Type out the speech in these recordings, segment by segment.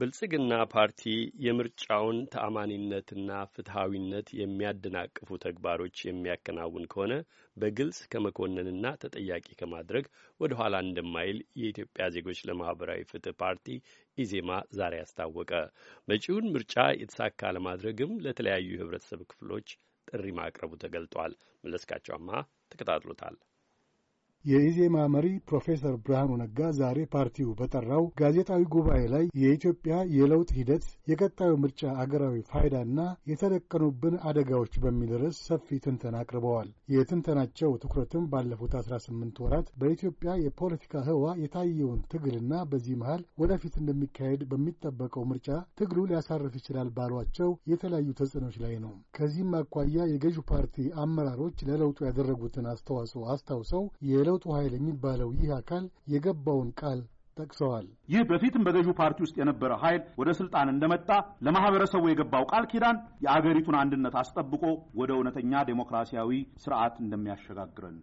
ብልጽግና ፓርቲ የምርጫውን ተአማኒነትና ፍትሐዊነት የሚያደናቅፉ ተግባሮች የሚያከናውን ከሆነ በግልጽ ከመኮንንና ተጠያቂ ከማድረግ ወደ ኋላ እንደማይል የኢትዮጵያ ዜጎች ለማህበራዊ ፍትህ ፓርቲ ኢዜማ ዛሬ አስታወቀ። መጪውን ምርጫ የተሳካ ለማድረግም ለተለያዩ የህብረተሰብ ክፍሎች ጥሪ ማቅረቡ ተገልጧል። መለስካቸውማ ተከታትሎታል። የኢዜማ መሪ ፕሮፌሰር ብርሃኑ ነጋ ዛሬ ፓርቲው በጠራው ጋዜጣዊ ጉባኤ ላይ የኢትዮጵያ የለውጥ ሂደት የቀጣዩ ምርጫ አገራዊ ፋይዳና የተደቀኑብን አደጋዎች በሚል ርዕስ ሰፊ ትንተና አቅርበዋል። የትንተናቸው ትኩረትም ባለፉት 18 ወራት በኢትዮጵያ የፖለቲካ ህዋ የታየውን ትግልና በዚህ መሃል ወደፊት እንደሚካሄድ በሚጠበቀው ምርጫ ትግሉ ሊያሳርፍ ይችላል ባሏቸው የተለያዩ ተጽዕኖች ላይ ነው። ከዚህም አኳያ የገዢው ፓርቲ አመራሮች ለለውጡ ያደረጉትን አስተዋጽኦ አስታውሰው የለውጡ ኃይል የሚባለው ይህ አካል የገባውን ቃል ጠቅሰዋል። ይህ በፊትም በገዢው ፓርቲ ውስጥ የነበረ ኃይል ወደ ስልጣን እንደመጣ ለማህበረሰቡ የገባው ቃል ኪዳን የአገሪቱን አንድነት አስጠብቆ ወደ እውነተኛ ዴሞክራሲያዊ ስርዓት እንደሚያሸጋግረን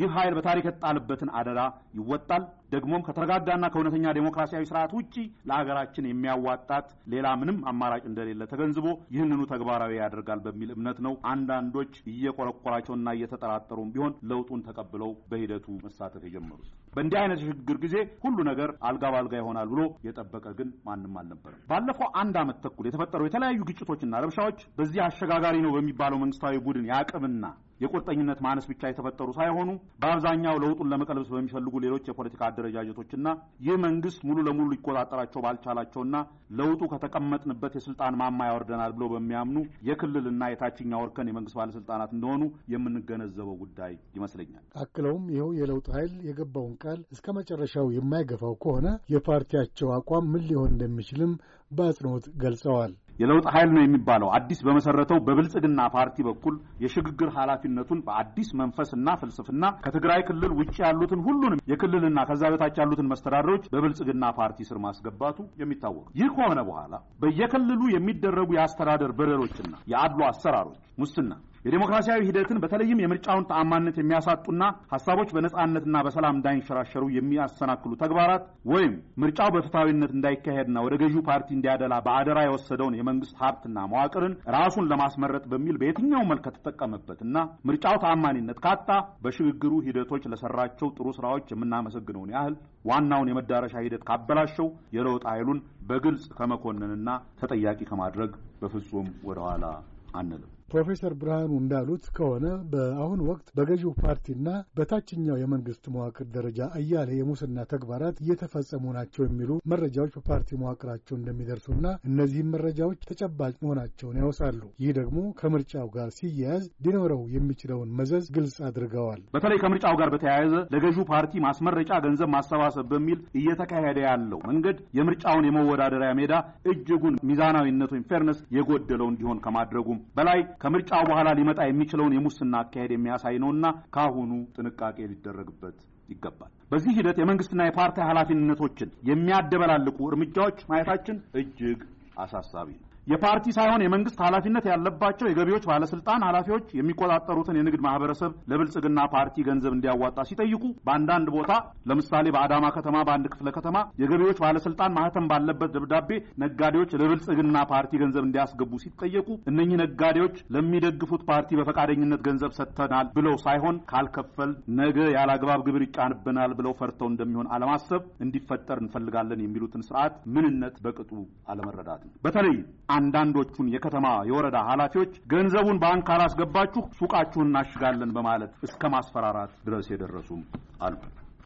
ይህ ኃይል በታሪክ የተጣለበትን አደራ ይወጣል። ደግሞም ከተረጋጋና ከእውነተኛ ዴሞክራሲያዊ ስርዓት ውጪ ለሀገራችን የሚያዋጣት ሌላ ምንም አማራጭ እንደሌለ ተገንዝቦ ይህንኑ ተግባራዊ ያደርጋል በሚል እምነት ነው። አንዳንዶች እየቆረቆራቸውና እየተጠራጠሩም ቢሆን ለውጡን ተቀብለው በሂደቱ መሳተፍ የጀመሩት። በእንዲህ አይነት የሽግግር ጊዜ ሁሉ ነገር አልጋ ባልጋ ይሆናል ብሎ የጠበቀ ግን ማንም አልነበረም። ባለፈው አንድ ዓመት ተኩል የተፈጠሩ የተለያዩ ግጭቶችና ረብሻዎች በዚህ አሸጋጋሪ ነው በሚባለው መንግስታዊ ቡድን የአቅምና የቁርጠኝነት ማነስ ብቻ የተፈጠሩ ሳይሆኑ በአብዛኛው ለውጡን ለመቀልበስ በሚፈልጉ ሌሎች የፖለቲካ አደረጃጀቶችና ይህ መንግስት ሙሉ ለሙሉ ሊቆጣጠራቸው ባልቻላቸውና ለውጡ ከተቀመጥንበት የስልጣን ማማ ያወርደናል ብሎ በሚያምኑ የክልልና የታችኛ ወርከን የመንግስት ባለስልጣናት እንደሆኑ የምንገነዘበው ጉዳይ ይመስለኛል። አክለውም ይኸው የለውጥ ኃይል የገባውን ቃል እስከ መጨረሻው የማይገፋው ከሆነ የፓርቲያቸው አቋም ምን ሊሆን እንደሚችልም በአጽንኦት ገልጸዋል። የለውጥ ኃይል ነው የሚባለው አዲስ በመሰረተው በብልጽግና ፓርቲ በኩል የሽግግር ኃላፊነቱን በአዲስ መንፈስና ፍልስፍና ከትግራይ ክልል ውጭ ያሉትን ሁሉንም የክልልና ከዛ በታች ያሉትን መስተዳደሮች በብልጽግና ፓርቲ ስር ማስገባቱ የሚታወቅ ይህ ከሆነ በኋላ በየክልሉ የሚደረጉ የአስተዳደር በደሎችና የአድሎ አሰራሮች ሙስና የዴሞክራሲያዊ ሂደትን በተለይም የምርጫውን ተአማንነት የሚያሳጡና ሀሳቦች በነጻነትና በሰላም እንዳይንሸራሸሩ የሚያሰናክሉ ተግባራት ወይም ምርጫው በፍትሐዊነት እንዳይካሄድና ወደ ገዢው ፓርቲ እንዲያደላ በአደራ የወሰደውን የመንግስት ሀብትና መዋቅርን ራሱን ለማስመረጥ በሚል በየትኛው መልክ ከተጠቀመበትና ምርጫው ተአማኒነት ካጣ በሽግግሩ ሂደቶች ለሰራቸው ጥሩ ስራዎች የምናመሰግነውን ያህል ዋናውን የመዳረሻ ሂደት ካበላሸው የለውጥ ኃይሉን በግልጽ ከመኮንንና ተጠያቂ ከማድረግ በፍጹም ወደኋላ አንልም። ፕሮፌሰር ብርሃኑ እንዳሉት ከሆነ በአሁኑ ወቅት በገዢው ፓርቲና በታችኛው የመንግስት መዋቅር ደረጃ አያሌ የሙስና ተግባራት እየተፈጸሙ ናቸው የሚሉ መረጃዎች በፓርቲ መዋቅራቸው እንደሚደርሱና እነዚህም መረጃዎች ተጨባጭ መሆናቸውን ያወሳሉ። ይህ ደግሞ ከምርጫው ጋር ሲያያዝ ሊኖረው የሚችለውን መዘዝ ግልጽ አድርገዋል። በተለይ ከምርጫው ጋር በተያያዘ ለገዢው ፓርቲ ማስመረጫ ገንዘብ ማሰባሰብ በሚል እየተካሄደ ያለው መንገድ የምርጫውን የመወዳደሪያ ሜዳ እጅጉን ሚዛናዊነት ወይም ፌርነስ የጎደለው እንዲሆን ከማድረጉም በላይ ከምርጫው በኋላ ሊመጣ የሚችለውን የሙስና አካሄድ የሚያሳይ ነውና ከአሁኑ ጥንቃቄ ሊደረግበት ይገባል። በዚህ ሂደት የመንግስትና የፓርቲ ኃላፊነቶችን የሚያደበላልቁ እርምጃዎች ማየታችን እጅግ አሳሳቢ ነው። የፓርቲ ሳይሆን የመንግስት ኃላፊነት ያለባቸው የገቢዎች ባለስልጣን ኃላፊዎች የሚቆጣጠሩትን የንግድ ማህበረሰብ ለብልጽግና ፓርቲ ገንዘብ እንዲያዋጣ ሲጠይቁ በአንዳንድ ቦታ ለምሳሌ በአዳማ ከተማ በአንድ ክፍለ ከተማ የገቢዎች ባለስልጣን ማህተም ባለበት ደብዳቤ ነጋዴዎች ለብልጽግና ፓርቲ ገንዘብ እንዲያስገቡ ሲጠየቁ እነኚህ ነጋዴዎች ለሚደግፉት ፓርቲ በፈቃደኝነት ገንዘብ ሰጥተናል ብለው ሳይሆን ካልከፈል ነገ ያለአግባብ ግብር ይጫንብናል ብለው ፈርተው እንደሚሆን አለማሰብ እንዲፈጠር እንፈልጋለን የሚሉትን ስርዓት ምንነት በቅጡ አለመረዳት ነው። በተለይ አንዳንዶቹን የከተማ የወረዳ ኃላፊዎች ገንዘቡን ባንክ አላስገባችሁ ሱቃችሁን እናሽጋለን በማለት እስከ ማስፈራራት ድረስ የደረሱም አሉ።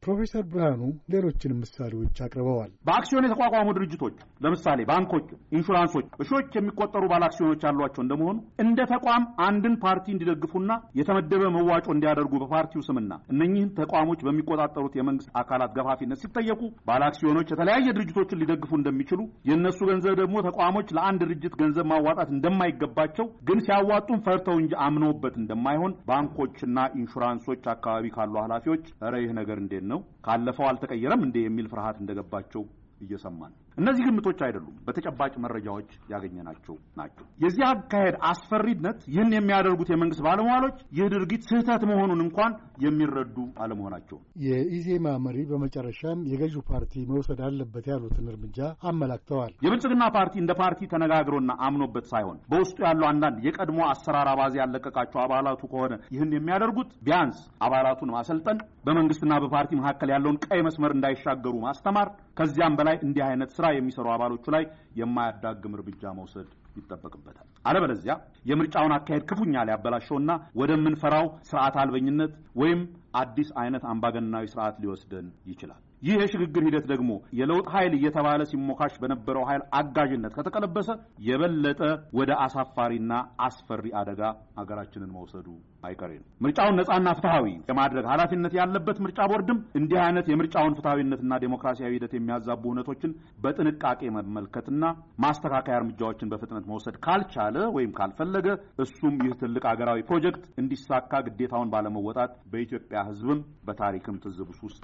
ፕሮፌሰር ብርሃኑ ሌሎችንም ምሳሌዎች አቅርበዋል። በአክሲዮን የተቋቋሙ ድርጅቶች ለምሳሌ ባንኮች፣ ኢንሹራንሶች በሺዎች የሚቆጠሩ አክሲዮኖች ያሏቸው እንደመሆኑ እንደ ተቋም አንድን ፓርቲ እንዲደግፉና የተመደበ መዋጮ እንዲያደርጉ በፓርቲው ስምና እነኚህን ተቋሞች በሚቆጣጠሩት የመንግስት አካላት ገፋፊነት ሲጠየቁ አክሲዮኖች የተለያየ ድርጅቶችን ሊደግፉ እንደሚችሉ የእነሱ ገንዘብ ደግሞ ተቋሞች ለአንድ ድርጅት ገንዘብ ማዋጣት እንደማይገባቸው ግን ሲያዋጡም ፈርተው እንጂ አምነውበት እንደማይሆን ባንኮችና ኢንሹራንሶች አካባቢ ካሉ ኃላፊዎች ኧረ ይህ ነገር እንዴት ነው ነው? ካለፈው አልተቀየረም እንዴ የሚል ፍርሃት እንደገባቸው እየሰማን እነዚህ ግምቶች አይደሉም፣ በተጨባጭ መረጃዎች ያገኘናቸው ናቸው። የዚህ አካሄድ አስፈሪነት ይህን የሚያደርጉት የመንግስት ባለሟሎች ይህ ድርጊት ስህተት መሆኑን እንኳን የሚረዱ አለመሆናቸው። የኢዜማ መሪ በመጨረሻም የገዢው ፓርቲ መውሰድ አለበት ያሉትን እርምጃ አመላክተዋል። የብልጽግና ፓርቲ እንደ ፓርቲ ተነጋግሮና አምኖበት ሳይሆን በውስጡ ያለው አንዳንድ የቀድሞ አሰራር አባዜ ያለቀቃቸው አባላቱ ከሆነ ይህን የሚያደርጉት ቢያንስ አባላቱን ማሰልጠን፣ በመንግስትና በፓርቲ መካከል ያለውን ቀይ መስመር እንዳይሻገሩ ማስተማር ከዚያም በ በላይ እንዲህ አይነት ስራ የሚሰሩ አባሎቹ ላይ የማያዳግም እርምጃ መውሰድ ይጠበቅበታል። አለበለዚያ የምርጫውን አካሄድ ክፉኛ ሊያበላሸውና ወደምንፈራው ስርዓት አልበኝነት ወይም አዲስ አይነት አምባገነናዊ ስርዓት ሊወስደን ይችላል። ይህ የሽግግር ሂደት ደግሞ የለውጥ ኃይል እየተባለ ሲሞካሽ በነበረው ኃይል አጋዥነት ከተቀለበሰ የበለጠ ወደ አሳፋሪና አስፈሪ አደጋ ሀገራችንን መውሰዱ አይቀሬ ነው። ምርጫውን ነጻና ፍትሐዊ የማድረግ ኃላፊነት ያለበት ምርጫ ቦርድም እንዲህ አይነት የምርጫውን ፍትሐዊነትና ዴሞክራሲያዊ ሂደት የሚያዛቡ እውነቶችን በጥንቃቄ መመልከትና ማስተካከያ እርምጃዎችን በፍጥነት መውሰድ ካልቻለ ወይም ካልፈለገ እሱም ይህ ትልቅ ሀገራዊ ፕሮጀክት እንዲሳካ ግዴታውን ባለመወጣት በኢትዮጵያ ሕዝብም በታሪክም ትዝብስ ውስጥ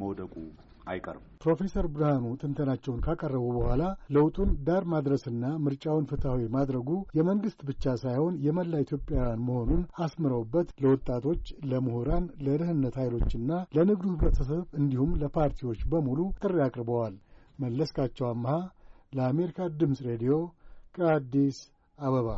መውደቁ አይቀርም። ፕሮፌሰር ብርሃኑ ትንተናቸውን ካቀረቡ በኋላ ለውጡን ዳር ማድረስና ምርጫውን ፍትሐዊ ማድረጉ የመንግስት ብቻ ሳይሆን የመላ ኢትዮጵያውያን መሆኑን አስምረውበት ለወጣቶች፣ ለምሁራን፣ ለደህንነት ኃይሎችና ለንግዱ ህብረተሰብ እንዲሁም ለፓርቲዎች በሙሉ ጥሪ አቅርበዋል። መለስካቸው አምሃ ለአሜሪካ ድምፅ ሬዲዮ ከአዲስ አበባ